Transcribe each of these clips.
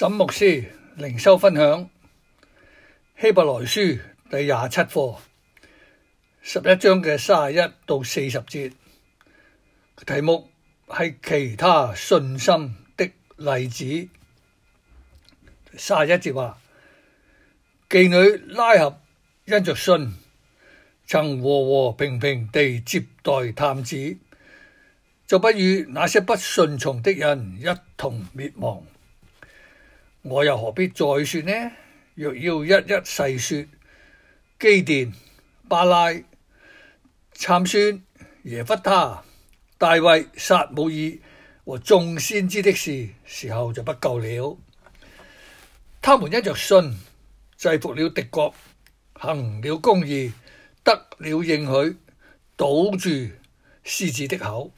沈牧師靈修分享希伯來書第廿七課，十一章嘅三十一到四十節，題目係其他信心的例子。三十一節話，妓女拉合因着信，曾和和平平地接待探子，就不與那些不順從的人一同滅亡。我又何必再說呢？若要一一細說，基甸、巴拉、參孫、耶弗他、大衛、撒母耳和眾先知的事，時候就不夠了。他們因着信，制服了敵國，行了公義，得了應許，堵住獅子的口，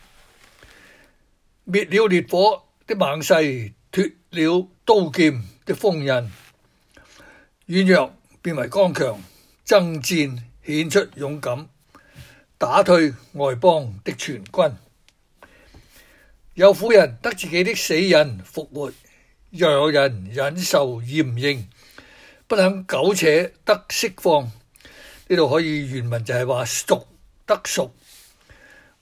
滅了烈火的猛勢。脫了刀劍的鋒刃，軟弱變為剛強，爭戰顯出勇敢，打退外邦的全軍。有婦人得自己的死人復活，又有人忍受嚴刑，不肯苟且得釋放。呢度可以原文就係話贖得贖，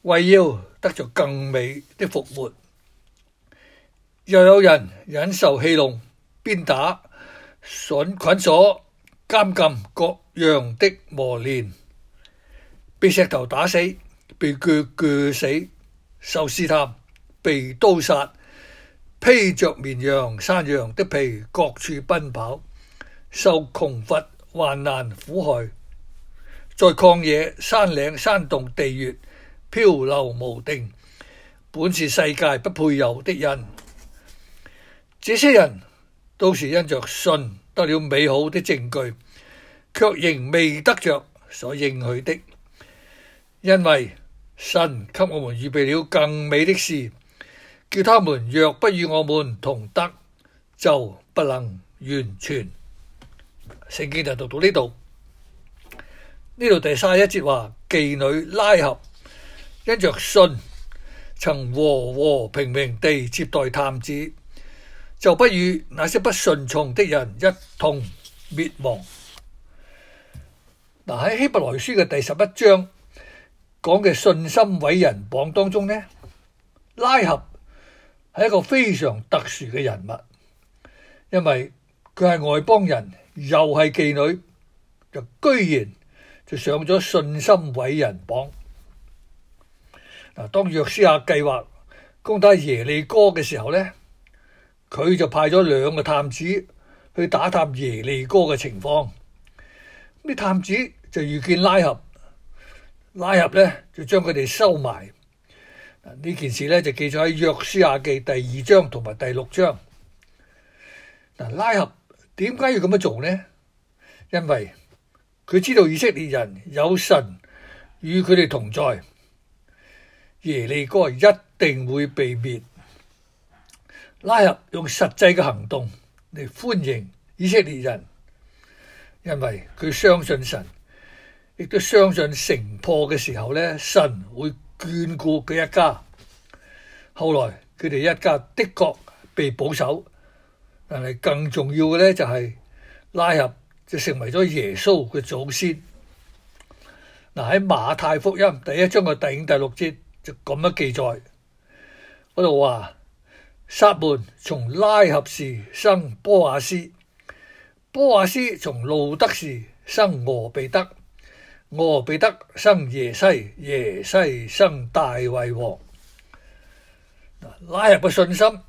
為要得着更美的復活。又有人忍受戲弄、鞭打、筍捆鎖、監禁，各樣的磨練，被石頭打死，被鋸鋸死，受試探，被刀殺，披着綿羊、山羊的皮，各處奔跑，受窮乏、患難、苦害，在曠野、山嶺、山洞、地穴漂流無定。本是世界不配有的人。這些人都是因着信得了美好的證據，却仍未得着所應許的，因為神給我們預備了更美的事，叫他們若不與我們同得，就不能完全。聖經就讀到呢度，呢度第三一節話妓女拉合因着信曾和和平平地接待探子。就不與那些不順從的人一同滅亡。嗱，喺希伯來書嘅第十一章講嘅信心偉人榜當中呢，拉合係一個非常特殊嘅人物，因為佢係外邦人，又係妓女，就居然就上咗信心偉人榜。嗱，當約書亞計劃攻打耶利哥嘅時候呢。佢就派咗兩個探子去打探耶利哥嘅情況，啲探子就遇見拉合，拉合呢就將佢哋收埋。呢件事呢，就記咗喺約書亞記第二章同埋第六章。嗱，拉合點解要咁樣做呢？因為佢知道以色列人有神與佢哋同在，耶利哥一定會被滅。拉合用實際嘅行動嚟歡迎以色列人，因為佢相信神，亦都相信城破嘅時候咧，神會眷顧佢一家。後來佢哋一家的確被保守，但係更重要嘅咧就係拉合就成為咗耶穌嘅祖先。嗱，喺馬太福音第一章嘅第五、第六節就咁樣記載，我就話。撒門從拉合士生波亞斯，波亞斯從路得士生俄比德。俄比德生耶西，耶西生大衛王。嗱，拉合嘅信心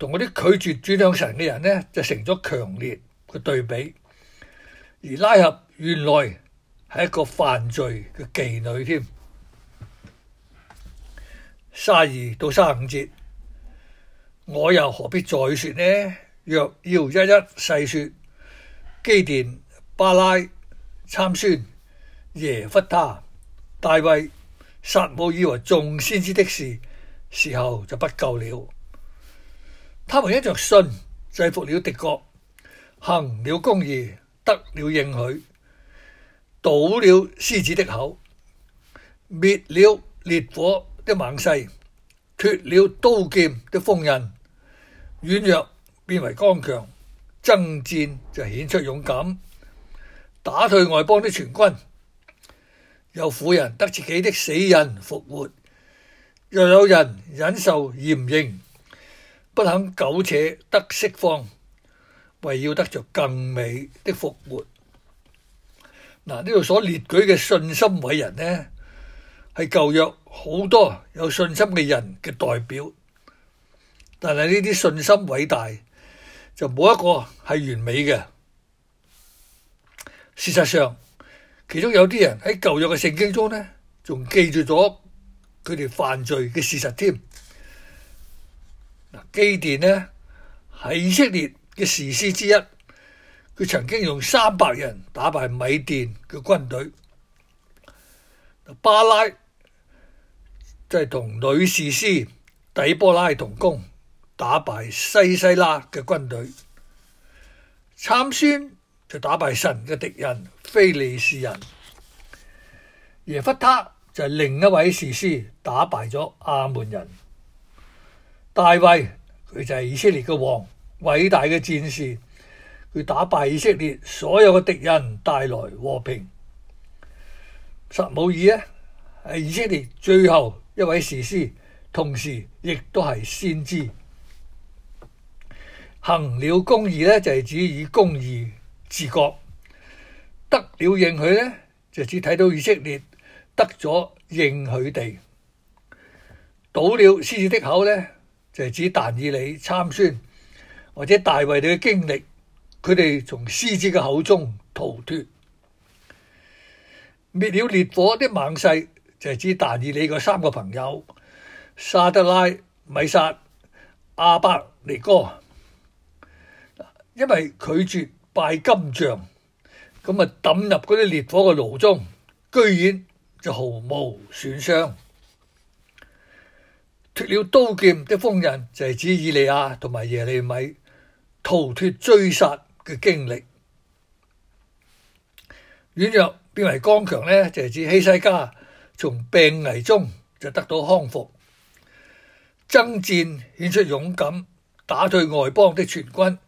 同嗰啲拒絕轉向神嘅人呢，就成咗強烈嘅對比。而拉合原來係一個犯罪嘅妓女添，卅二到卅五節。我又何必再說呢？若要一一細說，基甸、巴拉、參孫、耶弗他、大衛、撒母耳和眾先知的事，時候就不夠了。他們一着信，制服了敵國，行了公義，得了應許，堵了獅子的口，滅了烈火的猛勢，脱了刀劍的鋒刃。軟弱變為剛強，爭戰就顯出勇敢，打退外邦的全軍。有婦人得自己的死人復活，又有人忍受嚴刑，不肯苟且得釋放，為要得着更美的復活。嗱、啊，呢度所列舉嘅信心偉人呢，係舊約好多有信心嘅人嘅代表。但係呢啲信心偉大，就冇一個係完美嘅。事實上，其中有啲人喺舊約嘅聖經中呢，仲記住咗佢哋犯罪嘅事實添。嗱，基甸呢係以色列嘅士師之一，佢曾經用三百人打敗米甸嘅軍隊。巴拉即係同女士師底波拉同工。打敗西西拉嘅軍隊，參孫就打敗神嘅敵人非利士人。耶弗他就另一位士師，打敗咗阿門人。大衛佢就係以色列嘅王，偉大嘅戰士，佢打敗以色列所有嘅敵人，帶來和平。撒母耳呢，係以色列最後一位士師，同時亦都係先知。行了公義呢，就係指以公義治國；得了應許呢，就指睇到以色列得咗應許地；堵了獅子的口呢，就係指但以理參孫或者大衛哋嘅經歷，佢哋從獅子嘅口中逃脱；滅了烈火啲猛勢，就係指但以理嘅三個朋友沙德拉、米撒、阿伯尼哥。因為拒絕拜金像，咁啊抌入嗰啲烈火嘅爐中，居然就毫無損傷，脫了刀劍的鋒刃，就係指以利亞同埋耶利米逃脫追殺嘅經歷。軟弱變為剛強，呢就係指希西家從病危中就得到康復，爭戰顯出勇敢，打退外邦的全軍。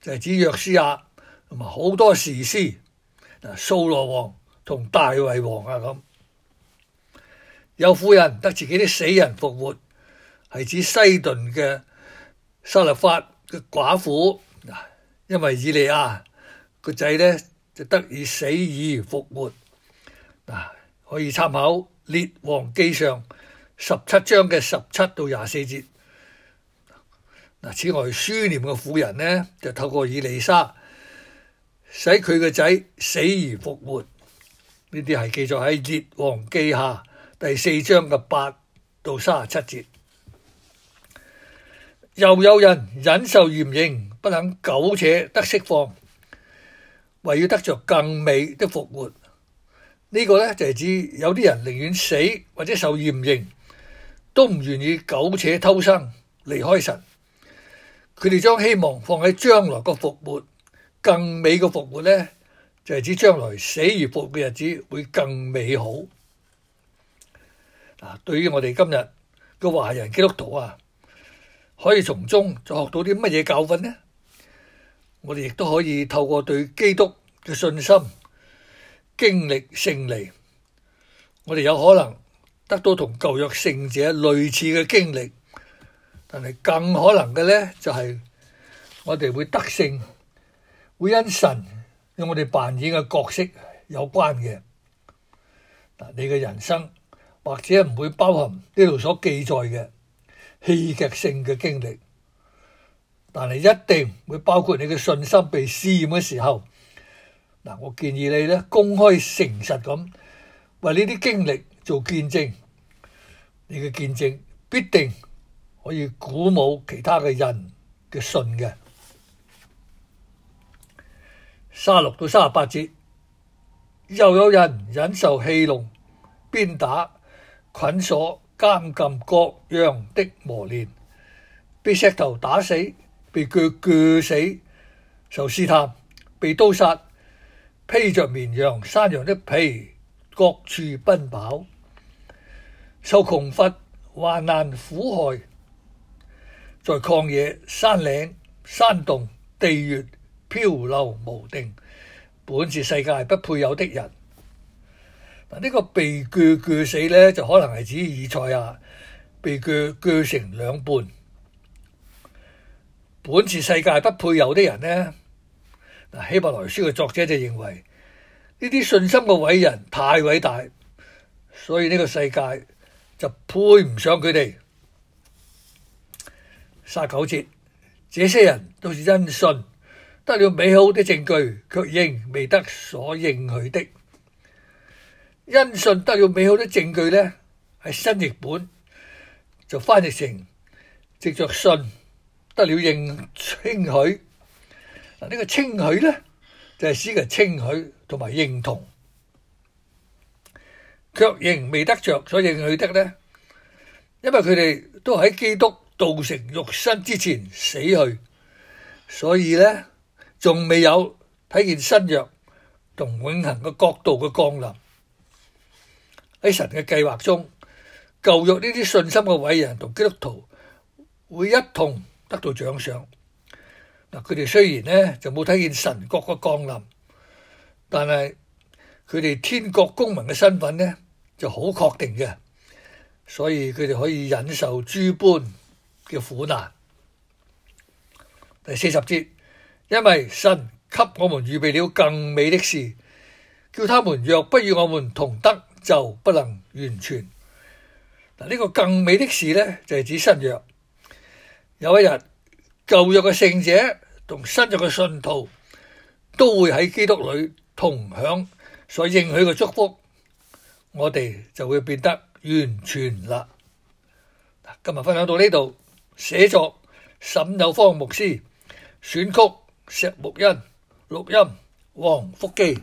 就係指約書亞同埋好多士師，嗱，掃羅王同大衛王啊咁，有婦人得自己啲死人復活，係指西頓嘅撒勒法嘅寡婦，嗱，因為以利亞個仔咧就得以死而復活，嗱，可以參考列王紀上十七章嘅十七到廿四節。嗱，此外，書念嘅婦人呢，就透過以利沙使佢個仔死而復活。呢啲係記載喺《列王記下》第四章嘅八到三十七節。又有人忍受嚴刑，不肯苟且得釋放，為要得着更美的復活。呢、這個呢，就係、是、指有啲人寧願死或者受嚴刑，都唔願意苟且偷生，離開神。佢哋將希望放喺將來個復活，更美個復活呢，就係指將來死而復活嘅日子會更美好。嗱，對於我哋今日嘅華人基督徒啊，可以從中就學到啲乜嘢教訓呢？我哋亦都可以透過對基督嘅信心經歷勝利，我哋有可能得到同舊約聖者類似嘅經歷。但係更可能嘅咧，就係我哋會得勝，會因神用我哋扮演嘅角色有關嘅。嗱，你嘅人生或者唔會包含呢度所記載嘅戲劇性嘅經歷，但係一定會包括你嘅信心被試驗嘅時候。嗱，我建議你咧公開誠實咁為呢啲經歷做見證，你嘅見證必定，可以鼓舞其他嘅人嘅信嘅。卅六到卅八節，又有人忍受欺弄、鞭打、捆鎖監禁各樣的磨練，被石頭打死，被鋸鋸死，受試探，被刀殺，披着綿羊、山羊的皮，各處奔跑，受窮乏、患難苦害。在曠野、山嶺、山洞、地穴漂流無定，本是世界不配有的人。嗱，呢個被鋸鋸死呢，就可能係指以賽亞被鋸鋸成兩半，本是世界不配有的人呢。嗱，《希伯來書》嘅作者就認為呢啲信心嘅偉人太偉大，所以呢個世界就配唔上佢哋。三十九節，這些人都是因信得了美好的證據，卻仍未得所應許的。因信得了美好的證據咧，喺新譯本就翻譯成藉著信得了應稱許。嗱，呢個稱許咧就係使人稱許同埋認同。卻仍未得著所應許的咧，因為佢哋都喺基督，道成肉身之前死去，所以呢，仲未有睇見新約同永恒嘅國度嘅降臨。喺神嘅計劃中，舊約呢啲信心嘅偉人同基督徒會一同得到獎賞。嗱，佢哋雖然呢就冇睇見神國嘅降臨，但係佢哋天國公民嘅身份呢就好確定嘅，所以佢哋可以忍受諸般叫苦難。第四十節，因為神給我們預備了更美的事，叫他們若不與我們同得，就不能完全。嗱，呢個更美的事呢，就係指新約。有一日，舊約嘅聖者同新約嘅信徒都會喺基督裏同享所應許嘅祝福，我哋就會變得完全啦。今日分享到呢度。寫作沈有方牧師，選曲石木欣，錄音王福基。